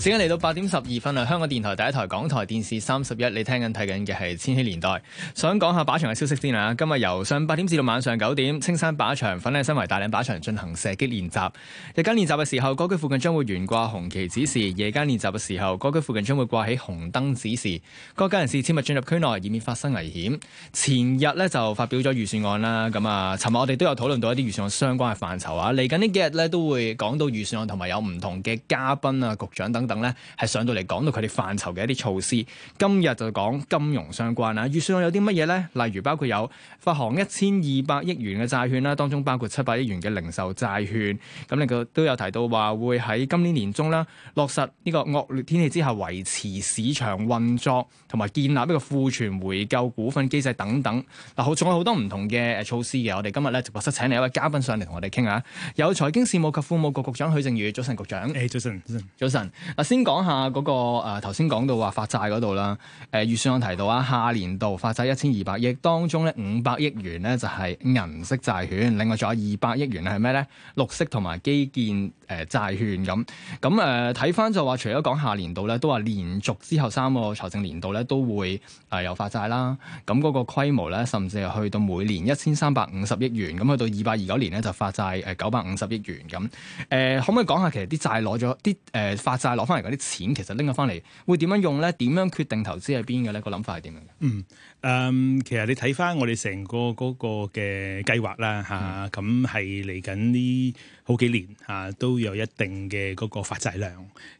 時間嚟到八點十二分啊！香港電台第一台、港台電視三十一，你聽緊睇緊嘅係《千禧年代》。想講下靶場嘅消息先啦。今日由上八點至到晚上九點，青山靶場粉嶺新圍大嶺靶場進行射擊練習。日間練習嘅時候，該區附近將會懸掛紅旗指示；夜間練習嘅時候，該區附近將會掛起紅燈指示。各界人士切勿進入區內，以免發生危險。前日咧就發表咗預算案啦。咁啊，尋日我哋都有討論到一啲預算案相關嘅範疇啊。嚟緊呢幾日咧都會講到預算案，同埋有唔同嘅嘉賓啊、局長等。等咧係上到嚟講到佢哋範疇嘅一啲措施，今日就講金融相關啦。預算有啲乜嘢咧？例如包括有發行一千二百億元嘅債券啦，當中包括七百億元嘅零售債券。咁你個都有提到話會喺今年年中啦，落實呢個惡劣天氣之下維持市場運作，同埋建立呢個庫存回購股份機制等等。嗱，仲有好多唔同嘅措施嘅。我哋今日咧直播室請另一位嘉賓上嚟同我哋傾下。有財經事務及庫務局局長許正宇，早晨，局長。誒，hey，早晨，早晨。先講下嗰個誒頭先講到話發債嗰度啦。誒預算我提到啊，下年度發債一千二百億，當中咧五百億元咧就係銀色債券，另外仲有二百億元係咩咧？綠色同埋基建誒債券咁。咁誒睇翻就話，除咗講下年度咧，都話連續之後三個財政年度咧都會誒有發債啦。咁嗰個規模咧，甚至係去到每年一千三百五十億元。咁去到二零二九年咧就發債誒九百五十億元咁。誒可唔可以講下其實啲債攞咗啲誒發債落。翻嚟嗰啲錢，其實拎咗翻嚟，會點樣用咧？點樣決定投資喺邊嘅咧？個諗法係點樣嘅？嗯。誒，um, 其實你睇翻我哋成個嗰個嘅計劃啦，嚇、嗯，咁係嚟緊呢好幾年嚇、啊，都有一定嘅嗰個發債量。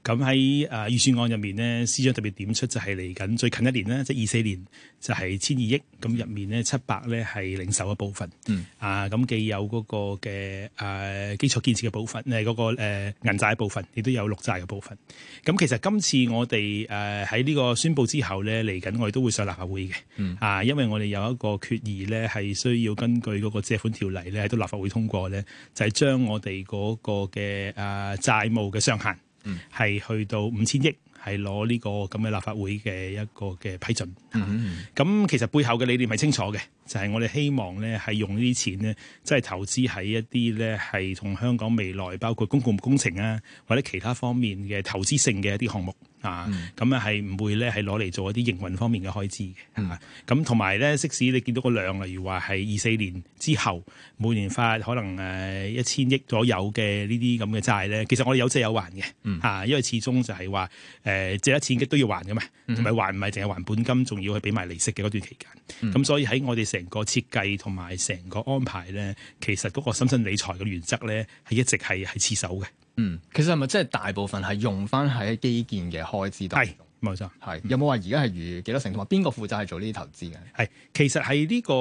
咁喺誒預算案入面呢，司長特別點出就係嚟緊最近一年呢，即係二四年，就係千二億。咁入面呢，七百咧係零售嘅部分，嗯、啊，咁既有嗰個嘅誒、啊、基礎建設嘅部分，誒、那、嗰個誒、啊、銀債嘅部分，亦都有綠債嘅部分。咁其實今次我哋誒喺呢個宣布之後咧，嚟緊我哋都會上立法會嘅。嗯啊，因為我哋有一個決議咧，係需要根據嗰個借款條例咧，喺都立法會通過咧，就係將我哋嗰個嘅啊債務嘅上限，係去到五千億，係攞呢個咁嘅立法會嘅一個嘅批准。咁、嗯嗯、其實背後嘅理念係清楚嘅，就係、是、我哋希望咧係用呢啲錢咧，即、就、係、是、投資喺一啲咧係同香港未來，包括公共工程啊或者其他方面嘅投資性嘅一啲項目啊，咁咧係唔會咧係攞嚟做一啲營運方面嘅開支嘅。咁同埋咧，即使你見到個量，例如話係二四年之後每年發可能誒一千億左右嘅呢啲咁嘅債咧，其實我哋有借有還嘅嚇，嗯、因為始終就係話誒借咗錢嘅都要還嘅嘛，同埋、嗯、還唔係淨係還本金，還本金還要去俾埋利息嘅嗰段期間，咁、嗯、所以喺我哋成個設計同埋成個安排咧，其實嗰個審慎理財嘅原則咧，係一直係係持守嘅。嗯，其實係咪真係大部分係用翻喺基建嘅開支度？係冇錯，係有冇話而家係餘幾多成，同埋邊個負責係做呢啲投資嘅？係其實係呢、這個誒，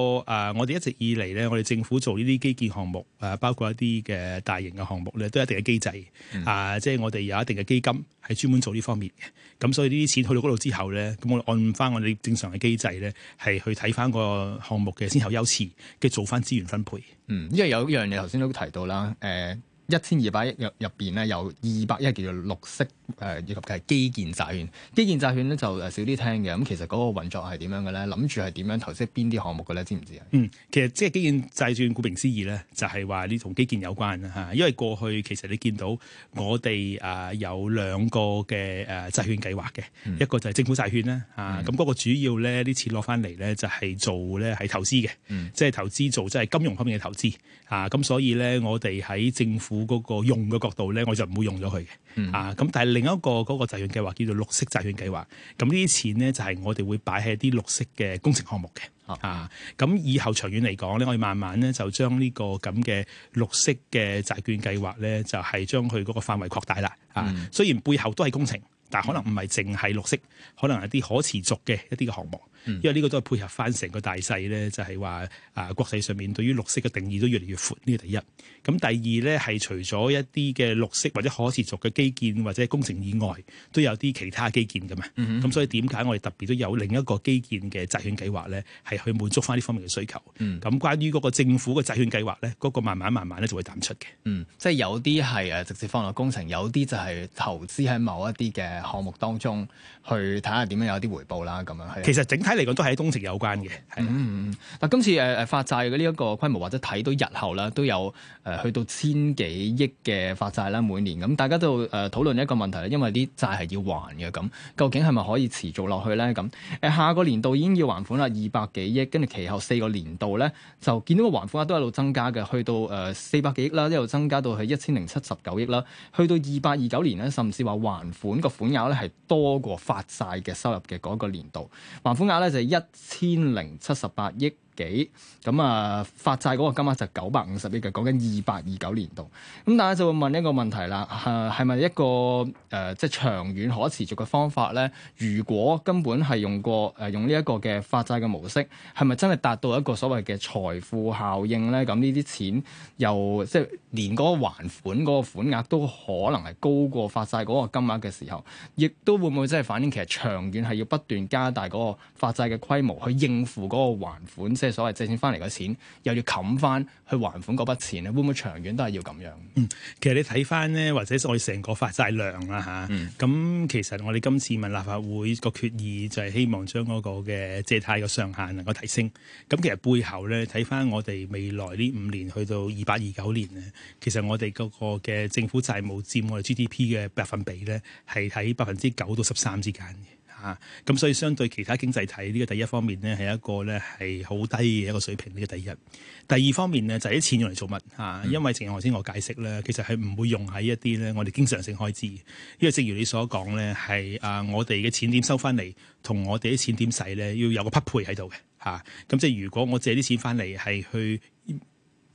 我哋一直以嚟咧，我哋政府做呢啲基建項目誒，包括一啲嘅大型嘅項目咧，都有一定嘅機制、嗯、啊，即、就、係、是、我哋有一定嘅基金係專門做呢方面嘅。咁所以呢啲錢去到嗰度之後咧，咁我按翻我哋正常嘅機制咧，係去睇翻個項目嘅先後優次，跟住做翻資源分配。嗯，因為有一樣嘢頭先都提到啦，誒一千二百億入入邊咧有二百億叫做綠色。誒以及嘅係基建債券，基建債券咧就誒少啲聽嘅。咁其實嗰個運作係點樣嘅咧？諗住係點樣？投資邊啲項目嘅咧？知唔知啊？嗯，其實即係基建債券，顧名思義咧，就係話呢同基建有關嚇。因為過去其實你見到我哋誒有兩個嘅誒債券計劃嘅，嗯、一個就係政府債券咧嚇。咁嗰、嗯啊、個主要咧呢次攞翻嚟咧就係做咧係投資嘅，嗯、即係投資做即係、就是、金融方面嘅投資啊。咁所以咧我哋喺政府嗰個用嘅角度咧，我就唔會用咗佢嘅啊。咁但係另一個嗰個債券計劃叫做綠色債券計劃，咁呢啲錢呢，就係我哋會擺喺啲綠色嘅工程項目嘅，啊，咁、啊、以後長遠嚟講咧，我哋慢慢咧就將呢個咁嘅綠色嘅債券計劃咧，就係將佢嗰個範圍擴大啦，啊，雖然背後都係工程。但可能唔係淨係綠色，可能係啲可持續嘅一啲嘅項目，嗯、因為呢個都係配合翻成個大勢咧，就係、是、話啊，國際上面對於綠色嘅定義都越嚟越闊。呢、呢個第一，咁第二咧係除咗一啲嘅綠色或者可持續嘅基建或者工程以外，都有啲其他基建嘅嘛。咁、嗯、所以點解我哋特別都有另一個基建嘅債券計劃咧，係去滿足翻呢方面嘅需求。咁、嗯、關於嗰個政府嘅債券計劃咧，嗰、嗰個慢慢慢慢咧就會淡出嘅。嗯，即係有啲係誒直接放落工程，有啲就係投資喺某一啲嘅。項目當中去睇下點樣有啲回報啦，咁樣係。其實整體嚟講都係喺通食有關嘅 Okay, 的、嗯。嗯嗯嗯。嗱，今次誒誒、呃、發債嘅呢一個規模，或者睇到日後啦，都有誒、呃、去到千幾億嘅發債啦，每年咁，大家都誒、呃、討論一個問題啦，因為啲債係要還嘅咁，究竟係咪可以持續落去咧？咁誒、呃、下個年度已經要還款啦，二百幾億，跟住其後四個年度咧就見到個還款額都一路增加嘅，去到誒四百幾億啦，一路增加到去一千零七十九億啦，去到二八二九年咧，甚至話還款個款。額咧係多過發債嘅收入嘅嗰個年度，還款額咧就係一千零七十八億。幾咁啊？發債嗰個金額就九百五十億嘅，講緊二八二九年度。咁大家就會問一個問題啦，係咪一個誒即係長遠可持續嘅方法咧？如果根本係用過誒、呃、用呢一個嘅發債嘅模式，係咪真係達到一個所謂嘅財富效應咧？咁呢啲錢又即係連嗰個還款嗰個款額都可能係高過發債嗰個金額嘅時候，亦都會唔會真係反映其實長遠係要不斷加大嗰個發債嘅規模去應付嗰個還款即所謂借錢翻嚟嘅錢，又要冚翻去還款嗰筆錢咧，會唔會長遠都係要咁樣？嗯，其實你睇翻咧，或者我哋成個發債量啊吓，咁其實我哋今次問立法會個決議，就係希望將嗰個嘅借貸嘅上限能夠提升。咁其實背後咧，睇翻我哋未來呢五年去到二八二九年咧，其實我哋嗰個嘅政府債務佔我哋 GDP 嘅百分比咧，係喺百分之九到十三之間嘅。啊，咁所以相對其他經濟體呢個第一方面呢，係一個呢，係好低嘅一個水平，呢個第一。第二方面呢，就係啲錢用嚟做乜啊？因為頭先我解釋呢，其實係唔會用喺一啲呢我哋經常性開支。因為正如你所講呢，係啊，我哋嘅錢點收翻嚟，同我哋啲錢點使呢，要有個匹配喺度嘅嚇。咁即係如果我借啲錢翻嚟係去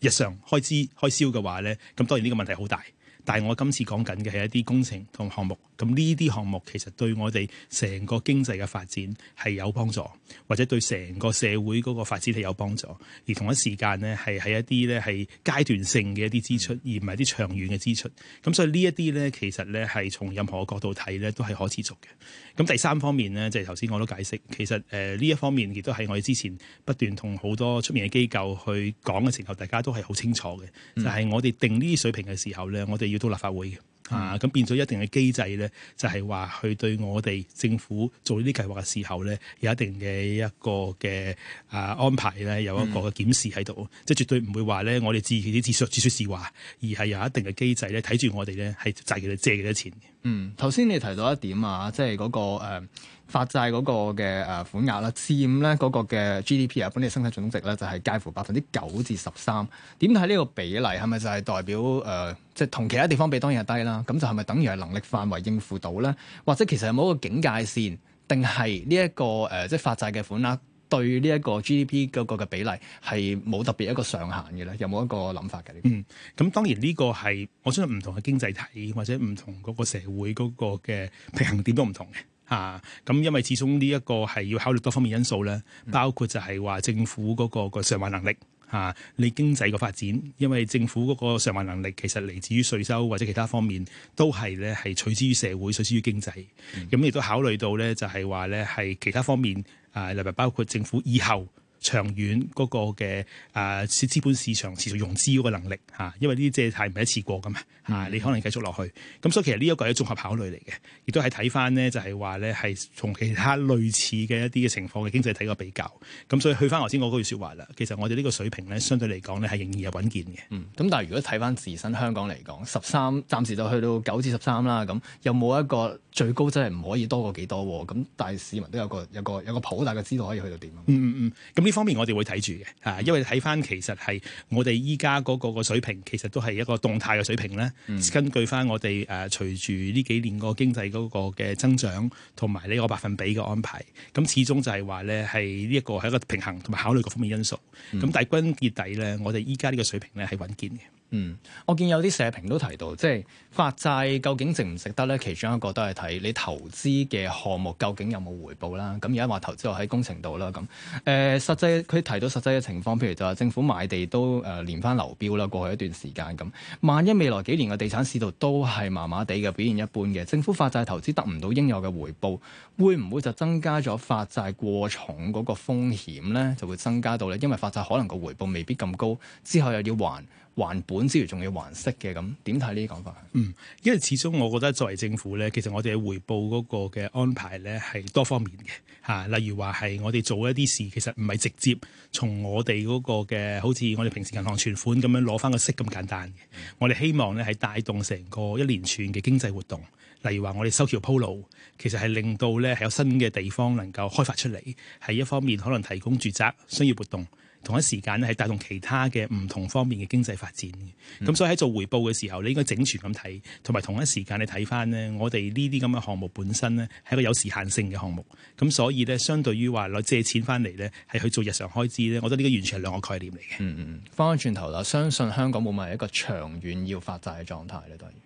日常開支開銷嘅話呢，咁當然呢個問題好大。但係我今次講緊嘅係一啲工程同項目。咁呢啲項目其實對我哋成個經濟嘅發展係有幫助，或者對成個社會嗰個發展係有幫助。而同一時間呢，係喺一啲呢係階段性嘅一啲支出，而唔係啲長遠嘅支出。咁所以呢一啲呢，其實呢係從任何角度睇呢，都係可持續嘅。咁第三方面呢，就係頭先我都解釋，其實誒呢一方面亦都係我哋之前不斷同好多出面嘅機構去講嘅時候，大家都係好清楚嘅。就係我哋定呢啲水平嘅時候呢，我哋要到立法會嘅。啊！咁變咗一定嘅機制咧，就係話佢對我哋政府做呢啲計劃嘅時候咧，有一定嘅一個嘅啊安排咧，有一個嘅檢視喺度，嗯、即係絕對唔會話咧，我哋自自説自説自話，而係有一定嘅機制咧，睇住我哋咧係債幾多借幾多錢。嗯，頭先你提到一點啊，即係嗰、嗰個誒、呃、發債嗰個嘅誒、呃、款額啦，佔咧嗰個嘅 GDP 啊，本地生產總值咧就係介乎百分之九至十三。點睇呢個比例係咪就係代表誒、呃、即係同其他地方比當然係低啦，咁就係咪等於係能力範圍應付到咧？或者其實有冇一個警戒線，定係呢一個誒、呃、即係發債嘅款額？對呢一個 GDP 嗰個嘅比例係冇特別一個上限嘅咧，有冇一個諗法嘅？嗯，咁當然呢個係我相信唔同嘅經濟體或者唔同嗰個社會嗰個嘅平衡點都唔同嘅嚇。咁、啊、因為始終呢一個係要考慮多方面因素咧，嗯、包括就係話政府嗰、嗰個、嗰個償還能力嚇、啊，你經濟嘅發展，因為政府嗰個償還能力其實嚟自於稅收或者其他方面都係咧係取之於社會，取之於經濟。咁亦、嗯嗯嗯、都考慮到咧，就係話咧係其他方面。啊！例如包括政府以後，長遠嗰個嘅誒資本市場持續融資嗰個能力嚇，因為呢啲借貸唔係一次過噶嘛嚇，嗯、你可能繼續落去，咁所以其實呢一個係綜合考慮嚟嘅，亦都係睇翻呢就係話呢係從其他類似嘅一啲嘅情況嘅經濟體個比較，咁所以去翻頭先嗰句説話啦，其實我哋呢個水平呢，相對嚟講呢係仍然係穩健嘅。咁、嗯、但係如果睇翻自身香港嚟講，十三暫時就去到九至十三啦，咁有冇一個最高真係唔可以多過幾多喎？咁但係市民都有個有個有個有個譜，大家知道可以去到點。咁呢、嗯。嗯嗯嗯方面我哋會睇住嘅，吓，因為睇翻其實係我哋依家嗰個個水平，其實都係一個動態嘅水平咧。嗯、根據翻我哋誒，隨住呢幾年個經濟嗰個嘅增長，同埋呢個百分比嘅安排，咁始終就係話咧，係呢一個係一個平衡，同埋考慮各方面因素。咁大君結底咧，我哋依家呢個水平咧係穩健嘅。嗯，我見有啲社評都提到，即係發債究竟值唔值得咧？其中一個都係睇你投資嘅項目究竟有冇回報啦。咁而家話投資落喺工程度啦，咁誒、呃，實際佢提到實際嘅情況，譬如就話政府買地都誒、呃、連翻流標啦，過去一段時間咁。萬一未來幾年嘅地產市道都係麻麻地嘅表現一般嘅，政府發債投資得唔到應有嘅回報，會唔會就增加咗發債過重嗰個風險咧？就會增加到咧，因為發債可能個回報未必咁高，之後又要還。還本之餘仲要還息嘅，咁點睇呢啲講法？嗯，因為始終我覺得作為政府咧，其實我哋嘅回報嗰個嘅安排咧係多方面嘅嚇、啊，例如話係我哋做一啲事，其實唔係直接從我哋嗰個嘅好似我哋平時銀行存款咁樣攞返個息咁簡單嘅，我哋希望咧係帶動成個一連串嘅經濟活動，例如話我哋修橋鋪路，其實係令到咧係有新嘅地方能夠開發出嚟，係一方面可能提供住宅、商業活動。同一時間咧，係帶動其他嘅唔同方面嘅經濟發展嘅。咁、嗯、所以喺做回報嘅時候，你應該整全咁睇，同埋同一時間你睇翻呢，我哋呢啲咁嘅項目本身呢，係一個有時限性嘅項目。咁所以咧，相對於話攞借錢翻嚟咧，係去做日常開支咧，我覺得呢個完全係兩個概念嚟嘅。嗯嗯，翻返轉頭啦，相信香港會唔係一個長遠要發債嘅狀態咧，當然。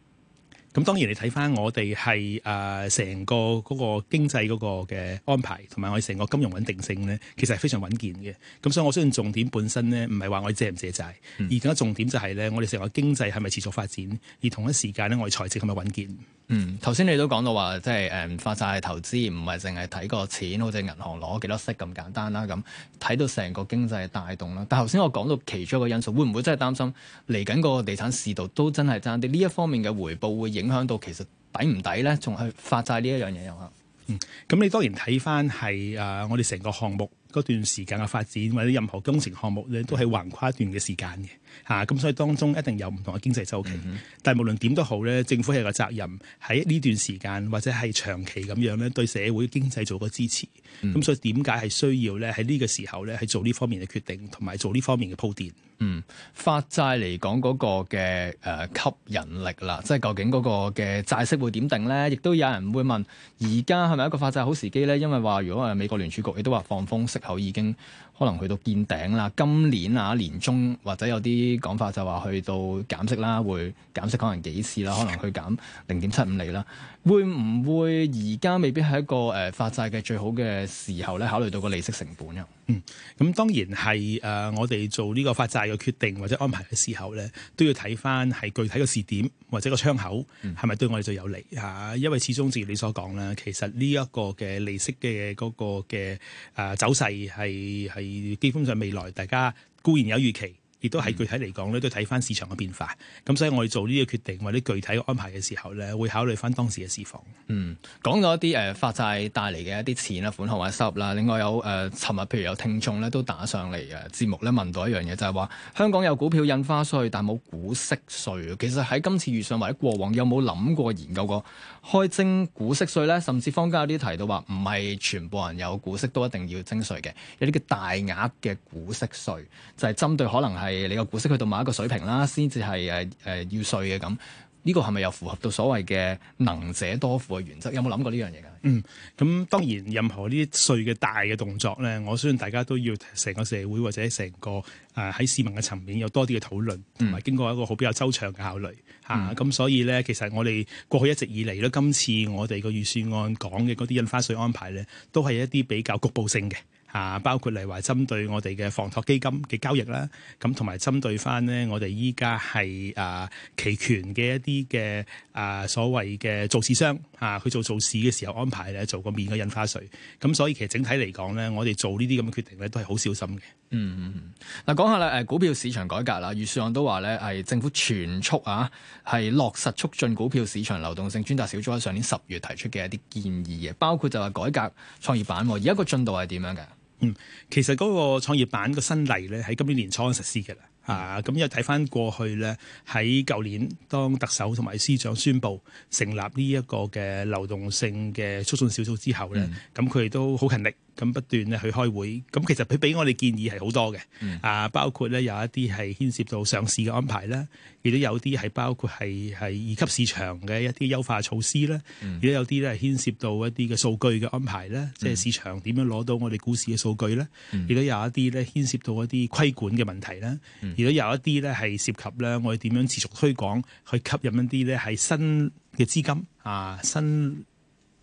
咁當然你睇翻我哋係誒成個嗰個經濟嗰個嘅安排，同埋我哋成個金融穩定性咧，其實係非常穩健嘅。咁所以我相信重點本身咧，唔係話我借唔借債，而更加重點就係咧，我哋成個經濟係咪持續發展，而同一時間咧，我哋財政係咪穩健？嗯，頭先你都講到話，即係誒、嗯、發債投資唔係淨係睇個錢，好似銀行攞幾多息咁簡單啦。咁睇到成個經濟嘅帶動啦。但頭先我講到其中一個因素，會唔會真係擔心嚟緊個地產市道都真係爭啲？呢一方面嘅回報會？影響到其實抵唔抵咧，仲係發債呢一樣嘢又啊，嗯，咁你當然睇返係誒我哋成個項目。嗰段時間嘅發展或者任何工程項目咧，都係橫跨一段嘅時間嘅嚇，咁、啊、所以當中一定有唔同嘅經濟周期。嗯、哼但係無論點都好咧，政府係個責任喺呢段時間或者係長期咁樣咧，對社會經濟做個支持。咁、嗯、所以點解係需要咧喺呢個時候咧，係做呢方面嘅決定同埋做呢方面嘅鋪墊？嗯，發債嚟講嗰個嘅誒、呃、吸引力啦，即係究竟嗰個嘅債息會點定咧？亦都有人會問：而家係咪一個發債好時機咧？因為話如果誒美國聯儲局亦都話放風後已經可能去到見頂啦。今年啊，年中或者有啲講法就話去到減息啦，會減息可能幾次啦，可能去減零點七五厘啦。會唔會而家未必係一個誒發債嘅最好嘅時候咧？考慮到個利息成本嘅，嗯，咁當然係誒，我哋做呢個發債嘅決定或者安排嘅時候咧，都要睇翻係具體嘅時點或者個窗口係咪對我哋最有利吓？嗯，因為始終正如你所講啦，其實呢一個嘅利息嘅嗰個嘅誒走勢係係基本上未來大家固然有預期。亦都係具體嚟講咧，都睇翻市場嘅變化。咁所以我哋做呢個決定或者具體嘅安排嘅時候咧，會考慮翻當時嘅市況。嗯，講咗一啲誒、呃、發債帶嚟嘅一啲錢啦、款項或者收入啦。另外有誒，尋、呃、日譬如有聽眾咧都打上嚟誒節目咧問到一樣嘢，就係、是、話香港有股票印花稅，但冇股息稅。其實喺今次遇上或者過往有冇諗過研究過？開徵股息稅咧，甚至坊間有啲提到話，唔係全部人有股息都一定要徵稅嘅，有啲叫大額嘅股息稅，就係針對可能係你個股息去到某一個水平啦，先至係誒誒要稅嘅咁。呢個係咪又符合到所謂嘅能者多付嘅原則？有冇諗過呢樣嘢啊？嗯，咁當然任何呢啲稅嘅大嘅動作咧，我相信大家都要成個社會或者成個誒喺市民嘅層面有多啲嘅討論，同埋經過一個好比較周詳嘅考慮嚇。咁、嗯啊、所以咧，其實我哋過去一直以嚟咧，今次我哋個預算案講嘅嗰啲印花稅安排咧，都係一啲比較局部性嘅。啊，包括嚟話針對我哋嘅房託基金嘅交易啦，咁同埋針對翻呢我哋依家係啊期權嘅一啲嘅啊所謂嘅做市商啊，去做做市嘅時候安排咧做個面嘅印花稅，咁所以其實整體嚟講咧，我哋做呢啲咁嘅決定咧都係好小心嘅、嗯。嗯，嗱、嗯、講下啦，誒股票市場改革啦，預算案都話咧係政府全速啊，係落實促進股票市場流動性專責小組喺上年十月提出嘅一啲建議嘅，包括就係改革創業板，而家個進度係點樣嘅？嗯，其實嗰個創業板個新例呢，喺今年年初實施嘅啦。啊，咁又睇翻過去咧，喺舊年當特首同埋司長宣布成立呢一個嘅流動性嘅促進小組之後咧，咁佢哋都好勤力，咁不斷咧去開會。咁其實佢俾我哋建議係好多嘅，啊，包括咧有一啲係牽涉到上市嘅安排啦，亦都有啲係包括係係二級市場嘅一啲優化措施啦，亦都有啲咧牽涉到一啲嘅數據嘅安排咧，即係市場點樣攞到我哋股市嘅數據咧，亦都有一啲咧牽涉到一啲規管嘅問題咧。如果有一啲咧係涉及咧，我哋點樣持續推廣去吸引一啲咧係新嘅資金啊、新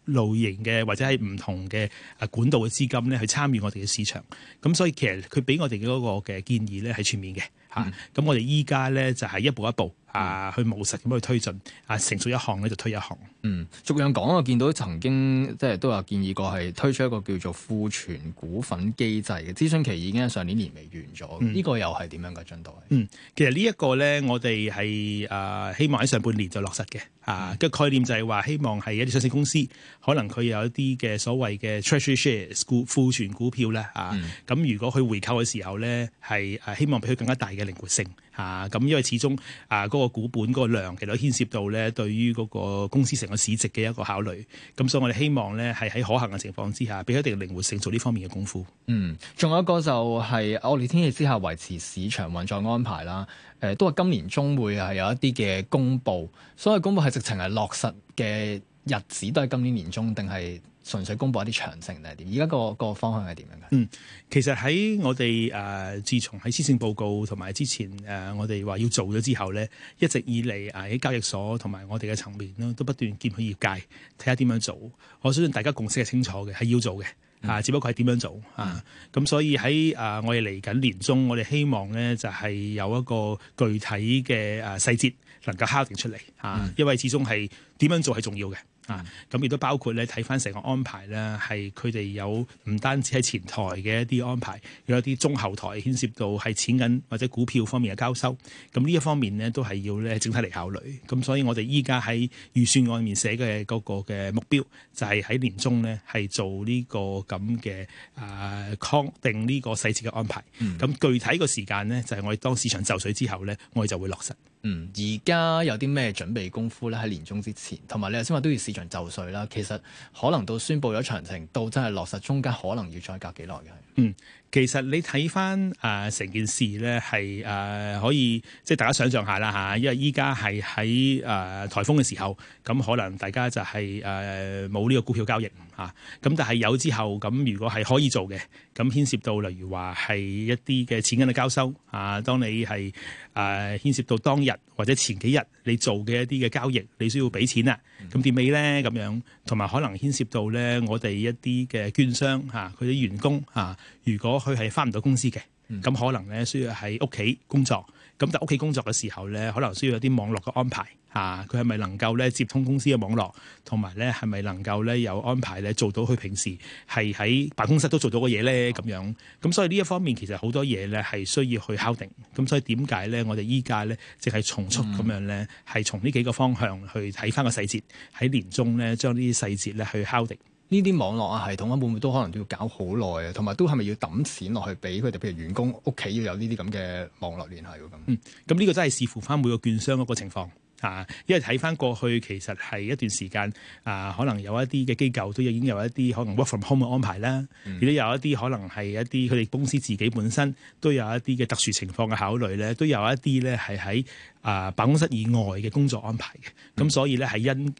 類型嘅或者係唔同嘅啊管道嘅資金咧去參與我哋嘅市場，咁所以其實佢俾我哋嘅嗰個嘅建議咧係全面嘅嚇，咁、嗯啊、我哋依家咧就係一步一步。啊，去務實咁去推進，啊成熟一項咧就推一項。嗯，逐樣講我見到曾經即係都有建議過係推出一個叫做庫存股份機制嘅諮詢期已經喺上年年尾完咗，嗯，呢個又係點樣嘅進度？嗯，其實呢一個咧，我哋係啊希望喺上半年就落實嘅。啊，嘅、嗯、概念就係話希望係一啲上市公司，可能佢有一啲嘅所謂嘅 treasury shares 股庫存股票咧，啊、嗯，咁如果佢回購嘅時候咧，係希望俾佢更加大嘅靈活性，啊，咁因為始終啊嗰個股本嗰個量其實牽涉到咧對於嗰個公司成個市值嘅一個考慮，咁所以我哋希望咧係喺可行嘅情況之下，俾佢一定靈活性做呢方面嘅功夫。嗯，仲有一個就係、是、惡劣天氣之下維持市場運作安排啦。誒都話今年中會係有一啲嘅公佈，所謂公佈係直情係落實嘅日子都係今年年中，定係純粹公佈一啲詳情定係點？而家個個方向係點樣嘅？嗯，其實喺我哋誒、呃，自從喺施政報告同埋之前誒、呃，我哋話要做咗之後咧，一直以嚟喺交易所同埋我哋嘅層面咧，都不斷見佢業界睇下點樣做。我相信大家共識係清楚嘅，係要做嘅。啊，只不過係點樣做、嗯、啊？咁所以喺誒、啊，我哋嚟緊年中，我哋希望咧就係、是、有一個具體嘅誒細節能夠敲定出嚟啊，啊嗯、因為始終係點樣做係重要嘅。啊，咁亦都包括咧睇翻成個安排咧，係佢哋有唔單止喺前台嘅一啲安排，有一啲中後台牽涉到係錢銀或者股票方面嘅交收，咁呢一方面呢都係要咧整體嚟考慮。咁所以我哋依家喺預算案入面寫嘅嗰個嘅目標，就係、是、喺年中咧係做呢個咁嘅誒確定呢個細節嘅安排。咁、嗯、具體個時間呢，就係、是、我哋當市場就緒之後呢，我哋就會落實。嗯，而家有啲咩準備功夫咧？喺年終之前，同埋你頭先話都要市場就稅啦就緒。其實可能到宣佈咗詳情，到真係落實，中間可能要再隔幾耐嘅嗯。其實你睇翻誒成件事咧，係誒可以即係大家想像下啦嚇，因為依家係喺誒颱風嘅時候，咁可能大家就係誒冇呢個股票交易嚇，咁但係有之後，咁如果係可以做嘅，咁牽涉到例如話係一啲嘅錢銀嘅交收嚇，當你係誒牽涉到當日或者前幾日你做嘅一啲嘅交易，你需要俾錢啦，咁點俾咧咁樣？同埋可能牽涉到咧，我哋一啲嘅券商嚇佢啲員工嚇，如果佢係翻唔到公司嘅，咁可能咧需要喺屋企工作。咁但屋企工作嘅時候咧，可能需要有啲網絡嘅安排啊。佢係咪能夠咧接通公司嘅網絡，同埋咧係咪能夠咧有安排咧做到佢平時係喺辦公室都做到嘅嘢咧，咁樣咁，所以呢一方面其實好多嘢咧係需要去敲定。咁所以點解咧，我哋依家咧淨係重出咁樣咧，係從呢幾個方向去睇翻個細節，喺年中咧將呢啲細節咧去敲定。呢啲網絡啊系統啊，會唔會都可能都要搞好耐啊？同埋都係咪要抌錢落去俾佢哋？譬如員工屋企要有呢啲咁嘅網絡聯繫？咁咁呢個真係視乎翻每個券商嗰個情況啊。因為睇翻過去，其實係一段時間啊，可能有一啲嘅機構都已經有一啲可能 work from home 嘅安排啦。亦都、嗯、有一啲可能係一啲佢哋公司自己本身都有一啲嘅特殊情況嘅考慮咧，都有一啲咧係喺啊辦公室以外嘅工作安排嘅。咁、嗯啊、所以咧係因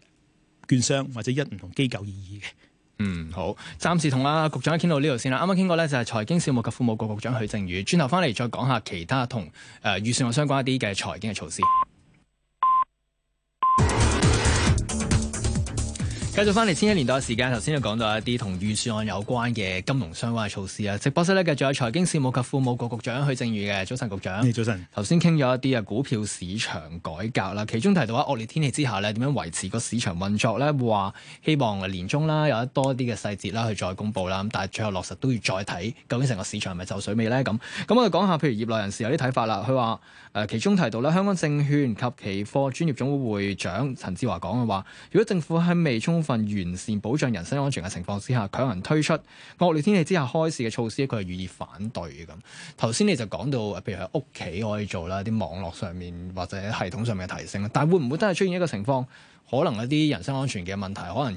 券商或者因唔同機構而異嘅。嗯，好。暫時同阿局長傾到呢度先啦。啱啱傾過咧就係財經事務及庫務局局長許正宇。轉頭翻嚟再講下其他同誒預算案相關一啲嘅財經嘅措施。繼續翻嚟千禧年代嘅時間，頭先就講到一啲同預算案有關嘅金融相關嘅措施啊。直播室咧繼續有財經事務及庫務局局長許正宇嘅早晨，局長。早晨上。頭先傾咗一啲啊股票市場改革啦，其中提到喺惡劣天氣之下咧，點樣維持個市場運作呢？話希望年終啦有得多啲嘅細節啦去再公布啦，但係最後落實都要再睇，究竟成個市場係咪就緒未呢？咁咁我哋講下，譬如業內人士有啲睇法啦。佢話誒，其中提到咧，香港證券及期貨專業總會會長陳志華講嘅話，如果政府喺未充分份完善保障人身安全嘅情況之下，強行推出惡劣天氣之下開市嘅措施，佢係予以反對嘅。咁頭先你就講到，譬如喺屋企可以做啦，啲網絡上面或者系統上面嘅提升啦，但係會唔會都係出現一個情況，可能一啲人身安全嘅問題，可能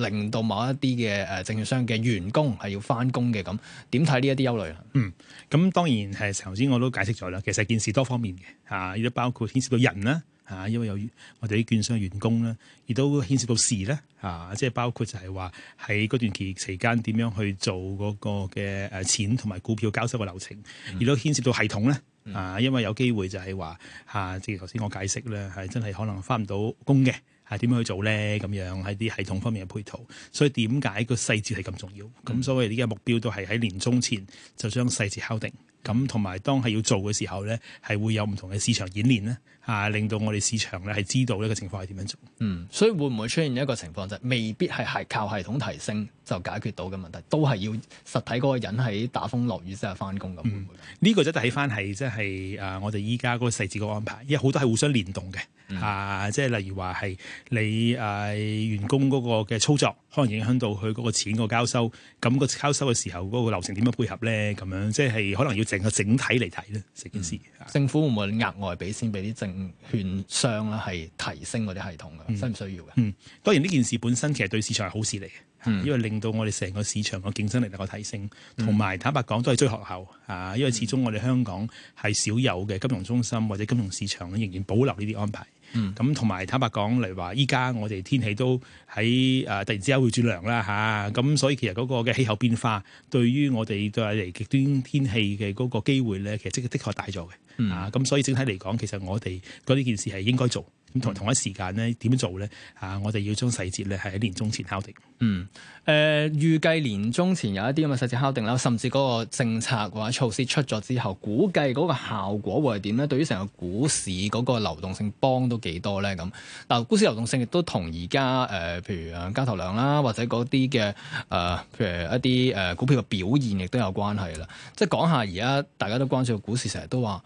要令到某一啲嘅誒證券商嘅員工係要翻工嘅。咁點睇呢一啲憂慮啊？嗯，咁當然係頭先我都解釋咗啦，其實件事多方面嘅，吓，亦都包括牽涉到人啦。啊！因為有我哋啲券商嘅員工咧，亦都牽涉到事咧，啊！即係包括就係話喺嗰段期期間點樣去做嗰個嘅誒錢同埋股票交收嘅流程，亦、嗯、都牽涉到系統咧，啊、嗯！因為有機會就係話嚇，即係頭先我解釋咧，係真係可能翻唔到工嘅，係點樣去做咧？咁樣喺啲系統方面嘅配套，所以點解個細節係咁重要？咁、嗯、所謂呢個目標都係喺年終前就將細節敲定。咁同埋當係要做嘅時候咧，係會有唔同嘅市場演練咧，啊，令到我哋市場咧係知道呢個情況係點樣做。嗯，所以會唔會出現一個情況，就是，未必係係靠系統提升就解決到嘅問題，都係要實體嗰個人喺打風落雨之後翻工咁。嗯、會唔會呢個就睇翻係即係誒我哋依家嗰個細節嘅安排，因為好多係互相聯動嘅，啊、嗯，即係、呃就是、例如話係你誒、呃、員工嗰個嘅操作，可能影響到佢嗰個錢交、嗰個交收，咁個交收嘅時候嗰個流程點樣配合咧？咁樣即係可能要。成個整體嚟睇咧，成件事、嗯、政府會唔會額外俾先俾啲證券商咧係提升嗰啲系統嘅，需唔需要嘅？嗯，當然呢件事本身其實對市場係好事嚟嘅，嗯、因為令到我哋成個市場個競爭力能夠提升，同埋、嗯、坦白講都係追落後，啊，因為始終我哋香港係少有嘅金融中心或者金融市場仍然保留呢啲安排。咁同埋坦白講嚟話，依家我哋天氣都喺誒、呃、突然之間會轉涼啦嚇，咁、啊、所以其實嗰個嘅氣候變化對於我哋對嚟極端天氣嘅嗰個機會咧，其實即係的確大咗嘅，啊，咁所以整體嚟講，其實我哋嗰啲件事係應該做。咁同同一時間咧，點樣做咧？嚇、啊，我哋要將細節咧，係喺年中前敲定。嗯，誒、呃、預計年中前有一啲咁嘅細節敲定啦，甚至嗰個政策或者措施出咗之後，估計嗰個效果會係點咧？對於成個股市嗰個流動性幫都幾多咧？咁嗱、呃，股市流動性亦都同而家誒，譬如誒交投量啦，或者嗰啲嘅誒，譬如一啲誒、呃、股票嘅表現亦都有關係啦。即係講下而家大家都關注嘅股市，成日都話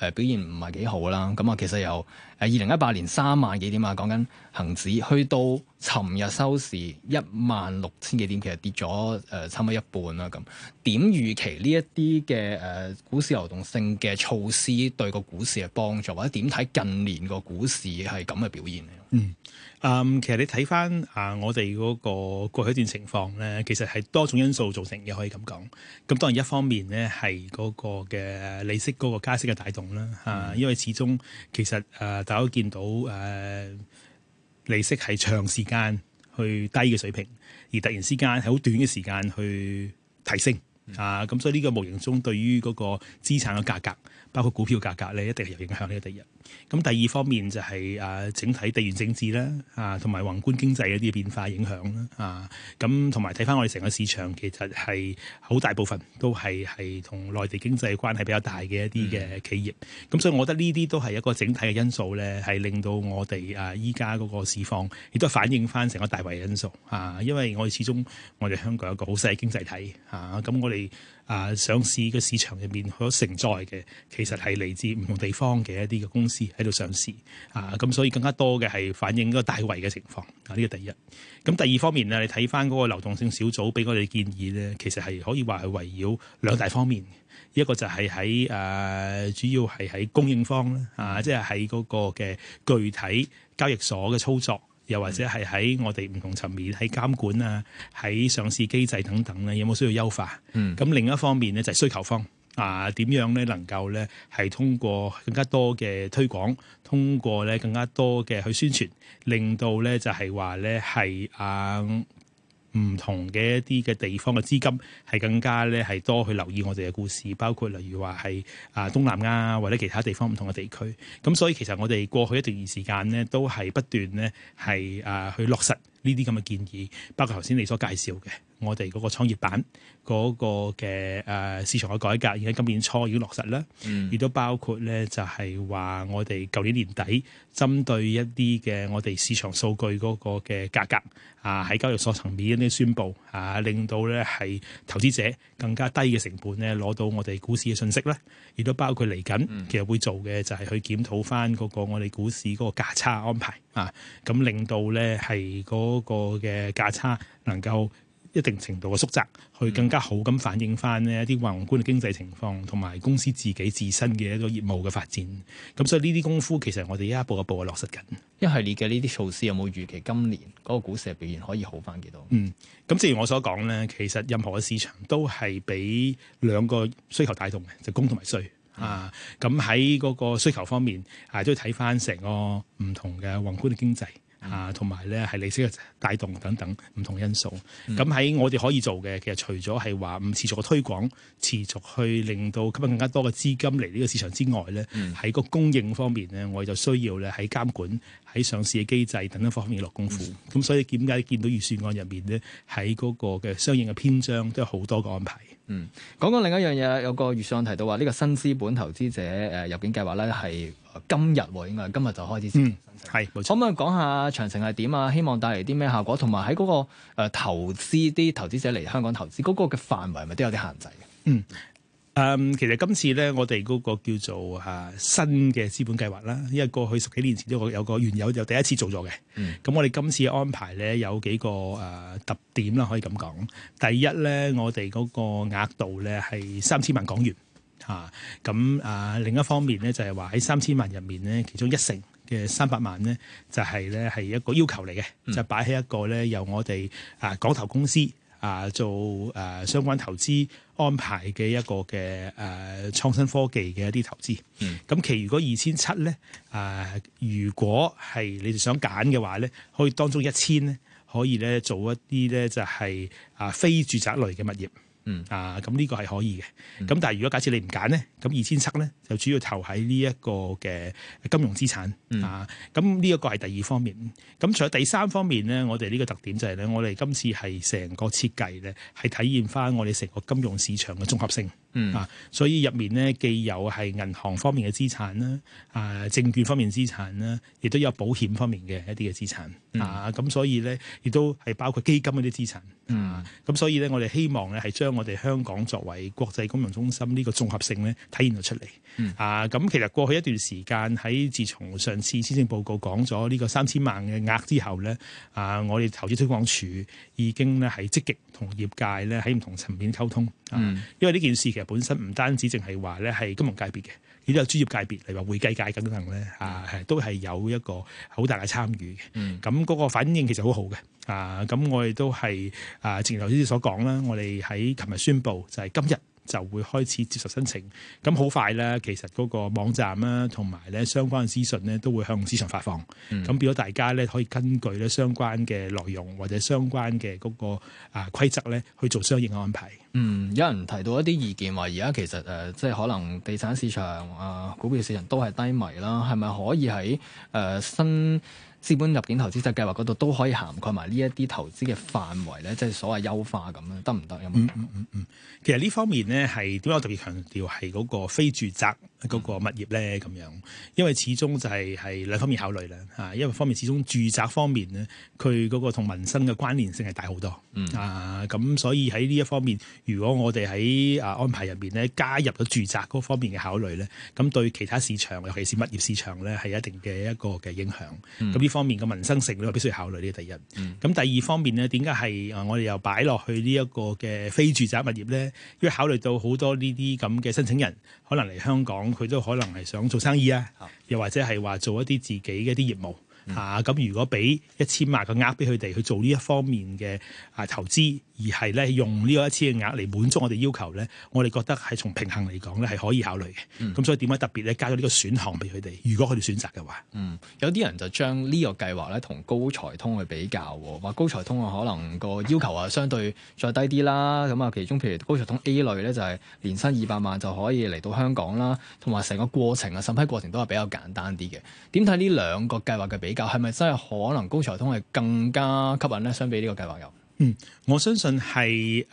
誒表現唔係幾好啦。咁啊，其實有。誒二零一八年三萬幾點啊，講緊恒指，去到尋日收市一萬六千幾點，其實跌咗誒、呃、差唔多一半啊咁。點預期呢一啲嘅誒股市流動性嘅措施對個股市嘅幫助，或者點睇近年個股市係咁嘅表現咧、嗯？嗯，誒，其實你睇翻啊，我哋嗰個過去一段情況咧，其實係多種因素造成嘅，可以咁講。咁當然一方面咧，係嗰個嘅利息嗰個加息嘅帶動啦，嚇、啊，嗯、因為始終其實誒。啊大家見到誒利息係長時間去低嘅水平，而突然之間係好短嘅時間去提升、嗯、啊！咁所以呢個無形中對於嗰個資產嘅價格，包括股票價格咧，一定係有影響，呢個第一。咁第二方面就係啊，整體地緣政治啦，啊，同埋宏觀經濟一啲變化影響啦，啊，咁同埋睇翻我哋成個市場，其實係好大部分都係係同內地經濟關係比較大嘅一啲嘅企業，咁、嗯、所以我覺得呢啲都係一個整體嘅因素咧，係令到我哋啊依家嗰個市況，亦都反映翻成個大圍因素啊，因為我哋始終我哋香港有一個好細經濟體啊，咁我哋。啊，上市嘅市場入面所承載嘅，其實係嚟自唔同地方嘅一啲嘅公司喺度上市啊。咁所以更加多嘅係反映個大圍嘅情況啊，呢個第一。咁、啊、第二方面咧，你睇翻嗰個流動性小組俾我哋建議呢，其實係可以話係圍繞兩大方面。一個就係喺誒，主要係喺供應方咧啊，即係喺嗰個嘅具體交易所嘅操作。又或者係喺我哋唔同層面喺監管啊，喺上市機制等等咧，有冇需要優化？咁、嗯、另一方面咧就係需求方，啊、呃、點樣咧能夠咧係通過更加多嘅推廣，通過咧更加多嘅去宣傳，令到咧就係話咧係啊。呃唔同嘅一啲嘅地方嘅資金係更加咧係多去留意我哋嘅故事，包括例如話，係啊東南亞或者其他地方唔同嘅地區，咁所以其實我哋過去一段時間咧都係不斷咧係啊去落實。呢啲咁嘅建議，包括頭先你所介紹嘅，我哋嗰個創業板嗰、那個嘅誒、呃、市場嘅改革，而家今年初已經落實啦。亦、嗯、都包括咧，就係、是、話我哋舊年年底針對一啲嘅我哋市場數據嗰個嘅價格啊，喺交易所層面一啲宣布啊，令到咧係投資者更加低嘅成本咧攞到我哋股市嘅信息咧。亦都包括嚟緊，嗯、其實會做嘅就係去檢討翻嗰個我哋股市嗰個價差安排。啊，咁令到咧係嗰個嘅價差能夠一定程度嘅縮窄，去更加好咁反映翻呢一啲宏觀嘅經濟情況同埋公司自己自身嘅一個業務嘅發展。咁、啊、所以呢啲功夫其實我哋一步一步嘅落實緊。一系列嘅呢啲措施有冇預期今年嗰個股市嘅表現可以好翻幾多？嗯，咁、嗯、正如我所講咧，其實任何嘅市場都係俾兩個需求帶動嘅，就供同埋需。啊，咁喺嗰個需求方面，啊都要睇翻成個唔同嘅宏觀嘅經濟。啊，同埋咧係利息嘅帶動等等唔同因素。咁喺、嗯、我哋可以做嘅，其實除咗係話唔持續嘅推廣，持續去令到吸引更加多嘅資金嚟呢個市場之外咧，喺、嗯、個供應方面咧，我哋就需要咧喺監管、喺上市嘅機制等等方面落功夫。咁、嗯、所以點解見到預算案入面咧，喺嗰個嘅相應嘅篇章都有好多個安排。嗯，講講另一樣嘢，有個預算案提到話呢個新資本投資者誒入境計劃咧係。今日喎、啊，應該今日就開始先。係冇、嗯、錯。可唔可以講下長城係點啊？希望帶嚟啲咩效果？同埋喺嗰個誒投資啲投資者嚟香港投資，嗰個嘅範圍係咪都有啲限制嘅、嗯？嗯，誒，其實今次咧，我哋嗰個叫做啊新嘅資本計劃啦，因為過去十幾年前都有個原有又第一次做咗嘅。咁、嗯、我哋今次安排咧有幾個誒、嗯、特點啦，可以咁講。第一咧，我哋嗰個額度咧係三千萬港元。嚇咁啊，啊！另一方面咧，就係話喺三千萬入面咧，其中一成嘅三百萬咧，就係咧係一個要求嚟嘅。嗯、就擺喺一個咧由我哋啊港投公司啊做誒、啊、相關投資安排嘅一個嘅誒、啊、創新科技嘅一啲投資。咁、嗯、其餘嗰二千七咧，啊如果係你哋想揀嘅話咧，可以當中一千咧可以咧做一啲咧就係啊非住宅類嘅物業。嗯啊，咁、這、呢個係可以嘅。咁但係如果假設你唔揀咧，咁二千七咧就主要投喺呢一個嘅金融資產啊。咁呢一個係第二方面。咁、啊、除咗第三方面咧，我哋呢個特點就係、是、咧，我哋今次係成個設計咧，係體現返我哋成個金融市場嘅綜合性。嗯啊，所以入面呢，既有係銀行方面嘅資產啦，啊、呃、證券方面資產啦，亦都有保險方面嘅一啲嘅資產、嗯、啊，咁所以咧亦都係包括基金嗰啲資產、嗯、啊，咁所以咧我哋希望咧係將我哋香港作為國際金融中心呢個綜合性咧體現到出嚟、嗯、啊，咁其實過去一段時間喺自從上次施政報告講咗呢個三千萬嘅額之後咧，啊我哋投資推廣署已經咧係積極，同業界咧喺唔同層面溝通啊，嗯、因為呢件事其實本身唔單止淨係話咧係金融界別嘅，亦都有專業界別例如話會計界等等咧啊，係都係有一個好大嘅參與嘅。咁嗰、嗯、個反應其實好好嘅啊，咁我哋都係啊，正如頭先所講啦，我哋喺琴日宣布就係今日，就會開始接受申請，咁好快啦。其實嗰個網站啦，同埋咧相關嘅資訊咧，都會向市場發放。咁變咗大家咧，可以根據咧相關嘅內容或者相關嘅嗰個啊規則咧，去做相應嘅安排。嗯，有人提到一啲意見話，而家其實誒、呃，即係可能地產市場啊、呃、股票市場都係低迷啦。係咪可以喺誒、呃、新？資本入境投資者計劃嗰度都可以涵蓋埋呢一啲投資嘅範圍咧，即係所謂優化咁咯，得唔得？嗯嗯嗯嗯，其實呢方面咧係點解我特別強調係嗰個非住宅。嗰個物業咧咁樣，因為始終就係係兩方面考慮啦嚇。一個方面始終住宅方面咧，佢嗰個同民生嘅關聯性係大好多。嗯啊，咁所以喺呢一方面，如果我哋喺啊安排入面咧加入咗住宅嗰方面嘅考慮咧，咁對其他市場，尤其是物業市場咧，係一定嘅一個嘅影響。咁呢、嗯、方面嘅民生成本必須考慮，呢個第一。咁第二方面咧，點解係我哋又擺落去呢一個嘅非住宅物業咧？因為考慮到好多呢啲咁嘅申請人可能嚟香港。佢都可能係想做生意啊，又或者係話做一啲自己嘅一啲業務。嚇咁、嗯啊、如果俾一千萬嘅額俾佢哋去做呢一方面嘅啊投資，而係咧用呢個一千嘅額嚟滿足我哋要求咧，我哋覺得係從平衡嚟講咧係可以考慮嘅。咁、嗯、所以點解特別咧加咗呢個選項俾佢哋？如果佢哋選擇嘅話，嗯，有啲人就將呢個計劃咧同高才通去比較喎、喔，話高才通可能個要求啊相對再低啲啦。咁啊，其中譬如高才通 A 類咧就係、是、年薪二百萬就可以嚟到香港啦，同埋成個過程啊審批過程都係比較簡單啲嘅。點睇呢兩個計劃嘅比？教係咪真係可能高才通係更加吸引咧？相比呢個計劃有嗯，我相信係誒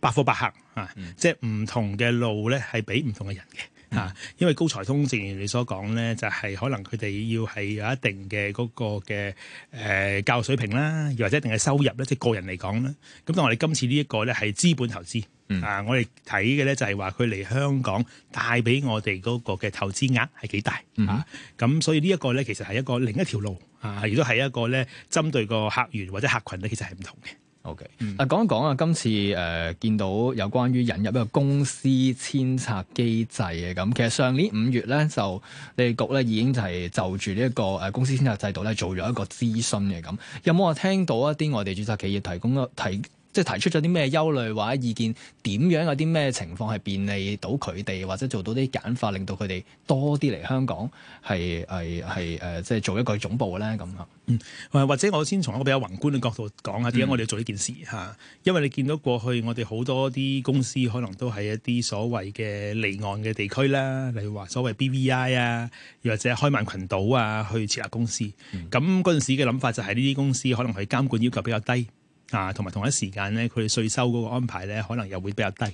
百貨百客啊，即係唔同嘅路咧，係俾唔同嘅人嘅吓。因為高才通正如你所講咧，就係可能佢哋要係有一定嘅嗰個嘅誒教育水平啦，又或者一定嘅收入咧，即係個人嚟講咧。咁但係我哋今次呢一個咧係資本投資。啊！我哋睇嘅咧就係話佢嚟香港帶俾我哋嗰個嘅投資額係幾大嚇，咁、嗯啊、所以呢一個咧其實係一個另一條路啊，亦都係一個咧針對個客源或者客群咧其實係唔同嘅。OK，嗱、嗯啊、講一講啊，今次誒、呃、見到有關於引入一個公司遷冊機制嘅，咁，其實上年五月咧就你哋局咧已經就係就住呢一個誒公司遷冊制度咧做咗一個諮詢嘅，咁，有冇話聽到一啲外地註冊企業提供提？即係提出咗啲咩憂慮或者意見，點樣有啲咩情況係便利到佢哋，或者做到啲簡化，令到佢哋多啲嚟香港係，係，係，誒、呃，即係做一個總部咧咁吓，嗯，或者我先從一個比較宏觀嘅角度講下點解我哋要做呢件事吓，嗯、因為你見到過去我哋好多啲公司可能都係一啲所謂嘅離岸嘅地區啦，例如話所謂 BVI 啊，又或者開曼群島啊，去設立公司。咁嗰陣時嘅諗法就係呢啲公司可能佢監管要求比較低。啊，同埋同一時間咧，佢哋稅收嗰個安排咧，可能又會比較低。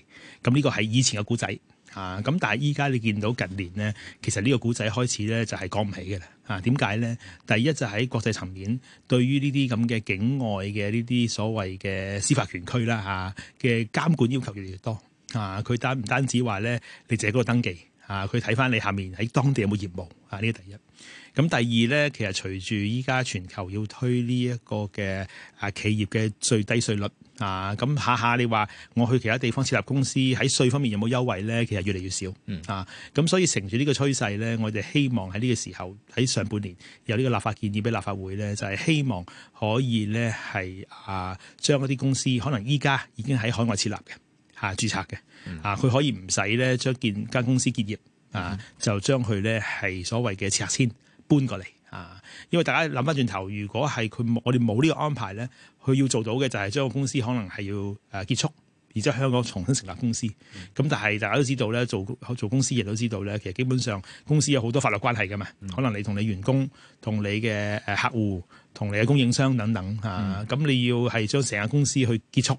咁呢個係以前嘅古仔，啊。咁但係依家你見到近年咧，其實呢個古仔開始咧就係講唔起嘅啦。啊，點解咧？第一就喺國際層面，對於呢啲咁嘅境外嘅呢啲所謂嘅司法權區啦嚇嘅監管要求越嚟越多啊。佢單唔單止話咧，你自己嗰個登記啊，佢睇翻你下面喺當地有冇業務啊，呢個第一。咁第二咧，其實隨住依家全球要推呢一個嘅啊企業嘅最低稅率啊，咁下下你話我去其他地方設立公司喺稅方面有冇優惠咧？其實越嚟越少、嗯、啊。咁所以乘住呢個趨勢咧，我哋希望喺呢個時候喺上半年有呢個立法建議俾立法會咧，就係、是、希望可以咧係啊將一啲公司可能依家已經喺海外設立嘅嚇、啊、註冊嘅、嗯、啊，佢可以唔使咧將呢間公司結業啊、嗯、啊，就將佢咧係所謂嘅遷冊。搬過嚟啊！因為大家諗翻轉頭，如果係佢我哋冇呢個安排咧，佢要做到嘅就係將個公司可能係要誒結束，而且將香港重新成立公司。咁、嗯、但係大家都知道咧，做做公司亦都知道咧，其實基本上公司有好多法律關係㗎嘛。可能你同你員工、同你嘅誒客戶、同你嘅供應商等等、嗯、啊，咁你要係將成間公司去結束，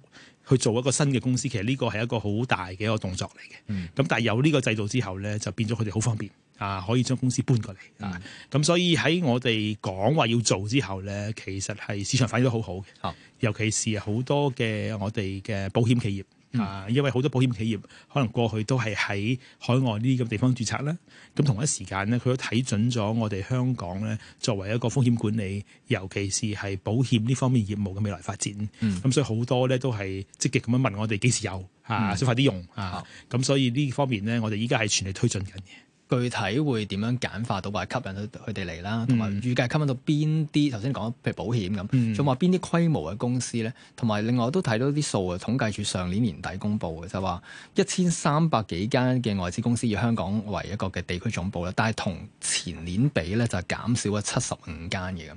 去做一個新嘅公司，其實呢個係一個好大嘅一個動作嚟嘅。咁但係有呢個制度之後咧，就變咗佢哋好方便。啊！可以將公司搬過嚟啊！咁、嗯、所以喺我哋講話要做之後咧，其實係市場反應都好好嘅。哦、尤其是好多嘅我哋嘅保險企業、嗯、啊，因為好多保險企業可能過去都係喺海外呢啲咁地方註冊啦。咁同一時間呢，佢都睇準咗我哋香港呢作為一個風險管理，尤其是係保險呢方面業務嘅未來發展。咁、嗯啊、所以好多呢都係積極咁樣問我哋幾時有啊，想快啲用啊。咁、嗯啊、所以呢方面呢，我哋依家係全力推進緊嘅。具體會點樣簡化到或者吸、嗯、吸引到佢哋嚟啦，同埋預計吸引到邊啲？頭先講，譬如保險咁，仲話邊啲規模嘅公司咧？同埋另外都睇到啲數啊，統計處上年年底公布嘅就話一千三百幾間嘅外資公司以香港為一個嘅地區總部啦。但係同前年比咧就係減少咗七十五間嘢。咁，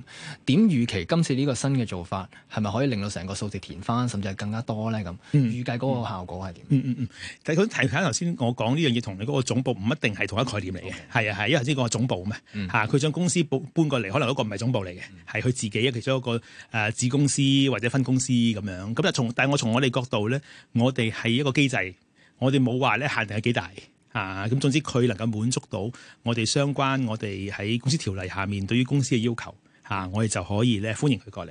點預期今次呢個新嘅做法係咪可以令到成個數字填翻，甚至係更加多咧咁？預計嗰個效果係點、嗯？嗯嗯嗯，睇嗰啲提緊頭先我講呢樣嘢，同你嗰個總部唔一定係同一個。點嚟嘅，係啊係，因為呢個係總部啊嘛，吓，佢將公司搬搬過嚟，可能嗰個唔係總部嚟嘅，係佢自己其中一個誒子、呃、公司或者分公司咁樣。咁啊從但係我從我哋角度咧，我哋係一個機制，我哋冇話咧限定係幾大啊。咁總之佢能夠滿足到我哋相關，我哋喺公司條例下面對於公司嘅要求。啊！我哋就可以咧歡迎佢過嚟。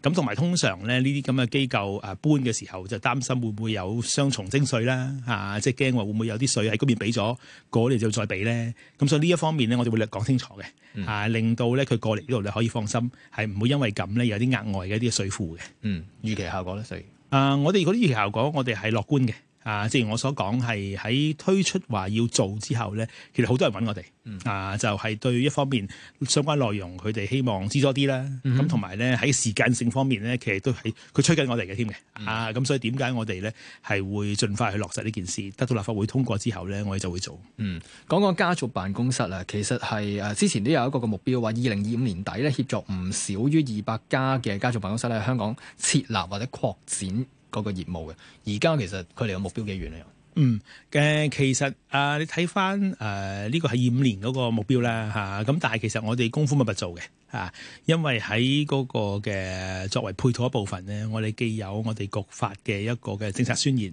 咁同埋通常咧呢啲咁嘅機構誒搬嘅時候就擔心會唔會有雙重徵稅啦。啊，即係驚話會唔會有啲稅喺嗰邊俾咗，過嚟就再俾咧。咁所以呢一方面咧，我哋會講清楚嘅。啊，令到咧佢過嚟呢度你可以放心，係唔會因為咁咧有啲額外嘅一啲稅負嘅。嗯，呃、預期效果咧，所以啊，我哋嗰啲預期效果我哋係樂觀嘅。啊，正如我所講，係喺推出話要做之後咧，其實好多人揾我哋，嗯、啊就係、是、對一方面相關內容，佢哋希望知多啲啦。咁同埋咧喺時間性方面咧，其實都係佢催緊我哋嘅添嘅。嗯、啊，咁所以點解我哋咧係會盡快去落實呢件事？得到立法會通過之後咧，我哋就會做。嗯，講講家族辦公室啊，其實係誒之前都有一個嘅目標話，二零二五年底咧協助唔少於二百家嘅家族辦公室咧，喺香港設立或者擴展。嗰個業務嘅，而家其實距離個目標幾遠啊？嗯嘅，其實、呃呃、啊，你睇返誒呢個係二五年嗰個目標啦吓，咁但係其實我哋功夫密密做嘅吓、啊，因為喺嗰個嘅作為配套一部分呢，我哋既有我哋局發嘅一個嘅政策宣言，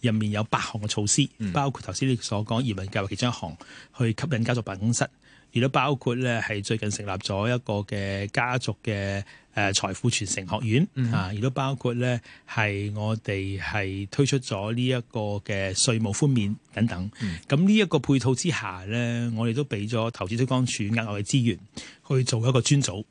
入、嗯、面有八項嘅措施，嗯、包括頭先你所講移民教育其中一項，去吸引家族辦公室。亦都包括咧，係最近成立咗一個嘅家族嘅誒財富傳承學院啊！亦都、嗯、哼包括咧，係我哋係推出咗呢一個嘅稅務寬免等等。咁呢一個配套之下咧，我哋都俾咗投資推廣署額外嘅資源去做一個專組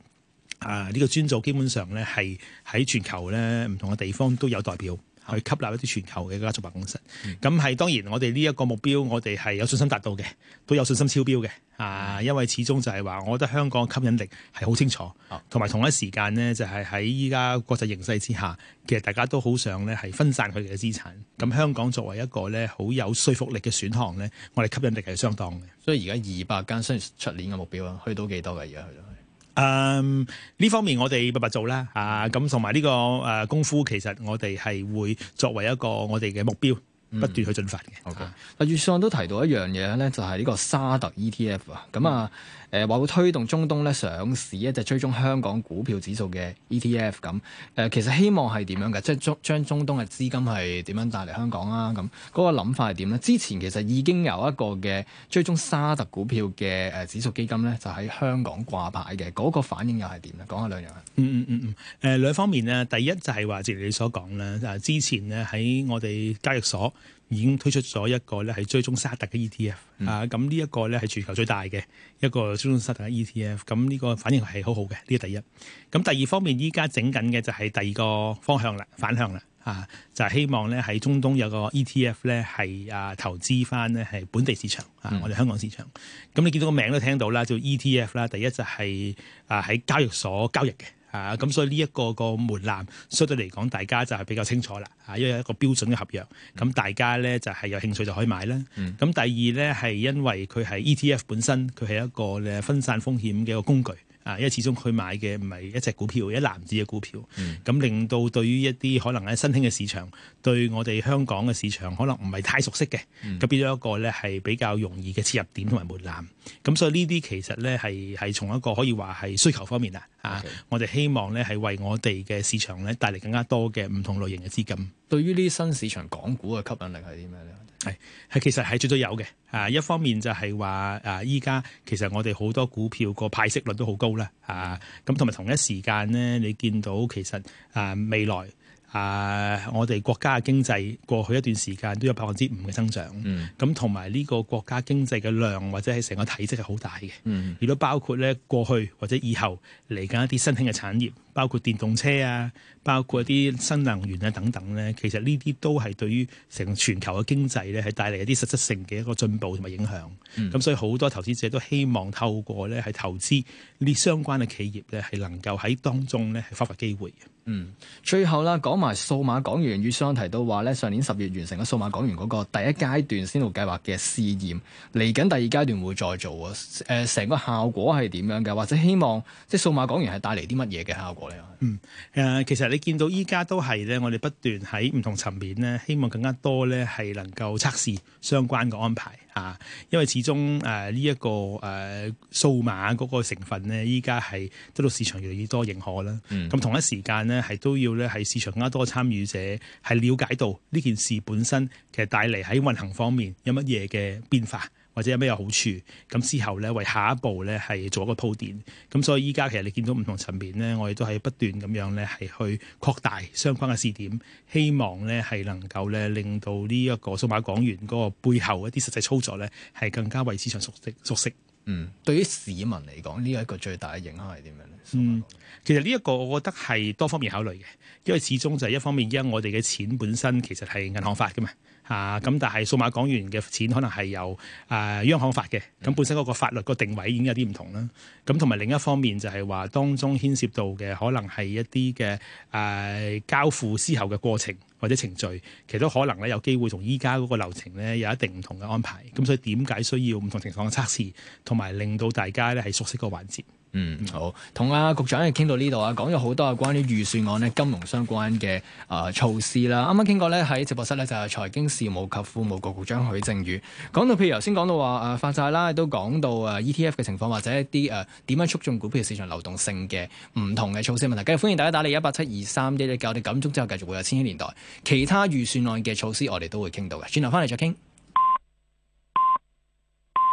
啊！呢、呢個專組基本上咧係喺全球咧唔同嘅地方都有代表。去吸納一啲全球嘅家族辦公室，咁係、嗯、當然我哋呢一個目標，我哋係有信心達到嘅，都有信心超標嘅啊！因為始終就係話，我覺得香港嘅吸引力係好清楚，同埋同一時間呢，就係喺依家國際形勢之下，其實大家都好想咧係分散佢哋嘅資產。咁、嗯、香港作為一個咧好有說服力嘅選項咧，我哋吸引力係相當嘅。所以而家二百間雖然出年嘅目標啊，去到幾多嘅而家去咗？嗯，呢、um, 方面我哋白白做啦，啊，咁同埋呢個誒、呃、功夫，其實我哋係會作為一個我哋嘅目標，不斷去進發嘅。好嘅、嗯，嗱、okay. 啊，預算案都提到一樣嘢咧，就係、是、呢個沙特 ETF 啊，咁啊、嗯。誒話會推動中東咧上市，一隻追蹤香港股票指數嘅 ETF 咁。誒其實希望係點樣嘅？即係將將中東嘅資金係點樣帶嚟香港啦。咁嗰個諗法係點咧？之前其實已經有一個嘅追蹤沙特股票嘅誒指數基金咧，就喺香港掛牌嘅。嗰個反應又係點咧？講下兩樣嗯。嗯嗯嗯嗯。誒兩方面咧，第一就係話，正如你所講咧，誒之前咧喺我哋交易所。已經推出咗一個咧係追蹤沙特嘅 E T F 啊，咁呢一個咧係全球最大嘅一個追蹤沙特嘅 E T F，咁呢、嗯啊這個、個，個反應係好好嘅。呢個第一咁，第二方面依家整緊嘅就係第二個方向啦，反向啦啊，就係、是、希望咧喺中東有個 E T F 咧係啊投資返咧係本地市場、嗯、啊，我哋香港市場咁、啊、你見到個名都聽到啦，就叫 E T F 啦。第一就係啊喺交易所交易嘅。啊，咁所以呢一個個門檻，相對嚟講，大家就係比較清楚啦。啊，因為有一個標準嘅合約，咁大家咧就係、是、有興趣就可以買啦。咁、嗯、第二咧係因為佢係 ETF 本身，佢係一個咧分散風險嘅一個工具。因為始終佢買嘅唔係一隻股票，一籃子嘅股票，咁、嗯、令到對於一啲可能喺新興嘅市場，對我哋香港嘅市場可能唔係太熟悉嘅，咁、嗯、變咗一個咧係比較容易嘅切入點同埋門檻。咁所以呢啲其實咧係係從一個可以話係需求方面啊，啊，Okay. 我哋希望咧係為我哋嘅市場咧帶嚟更加多嘅唔同類型嘅資金。對於呢啲新市場港股嘅吸引力係啲咩咧？係，係其實係最多有嘅啊。一方面就係話啊，依家其實我哋好多股票個派息率都好高啦啊。咁同埋同一時間呢，你見到其實啊未來啊，我哋國家嘅經濟過去一段時間都有百分之五嘅增長。嗯。咁同埋呢個國家經濟嘅量或者係成個體積係好大嘅。嗯。亦都包括咧過去或者以後嚟緊一啲新興嘅產業。包括電動車啊，包括一啲新能源啊等等咧，其實呢啲都係對於成全球嘅經濟咧，係帶嚟一啲實質性嘅一個進步同埋影響。咁、嗯、所以好多投資者都希望透過咧係投資呢相關嘅企業咧，係能夠喺當中咧係發掘機會。嗯，最後啦，講埋數碼港元，與上提到話咧，上年十月完成咗數碼港元嗰個第一階段先導計劃嘅試驗，嚟緊第二階段會再做啊。誒、呃，成個效果係點樣嘅？或者希望即係數碼港元係帶嚟啲乜嘢嘅效果？嗯誒，其實你見到依家都係咧，我哋不斷喺唔同層面咧，希望更加多咧係能夠測試相關嘅安排吓，因為始終誒呢一個誒數碼嗰個成分咧，依家係得到市場越嚟越多認可啦。咁同一時間咧，係都要咧喺市場更加多參與者係了解到呢件事本身其實帶嚟喺運行方面有乜嘢嘅變化。或者有咩嘢好處？咁之後咧，為下一步咧係做一個鋪墊。咁所以依家其實你見到唔同層面咧，我哋都係不斷咁樣咧係去擴大相關嘅試點，希望咧係能夠咧令到呢一個數碼港元嗰個背後一啲實際操作咧係更加為市場熟悉熟悉。嗯，對於市民嚟講，呢一個最大嘅影響係點樣咧？數碼港元。嗯，其實呢一個我覺得係多方面考慮嘅，因為始終就係一方面，因為我哋嘅錢本身其實係銀行發嘅嘛。啊，咁但係數碼港元嘅錢可能係由誒央行發嘅，咁本身嗰個法律個定位已經有啲唔同啦。咁同埋另一方面就係話，當中牽涉到嘅可能係一啲嘅誒交付之後嘅過程或者程序，其實都可能咧有機會同依家嗰個流程咧有一定唔同嘅安排。咁所以點解需要唔同情況嘅測試，同埋令到大家咧係熟悉個環節。嗯，好，同啊局長嘅傾到呢度啊，講咗好多啊關於預算案咧金融相關嘅啊、呃、措施啦。啱啱傾過咧喺直播室咧就係、是、財經事務及庫務局局長許正宇講到，譬如頭先講到話啊發債啦，都講到啊、呃、ETF 嘅情況或者一啲誒點樣促進股票市場流動性嘅唔同嘅措施問題。今日歡迎大家打嚟一八七二三一一九，我哋緊縮之後繼續會有千禧年代其他預算案嘅措施，我哋都會傾到嘅。轉頭翻嚟再傾。